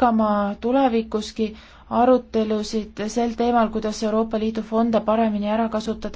jätkama tulevikuski arutelusid sel teemal, kuidas Euroopa Liidu fonde paremini ära kasutada.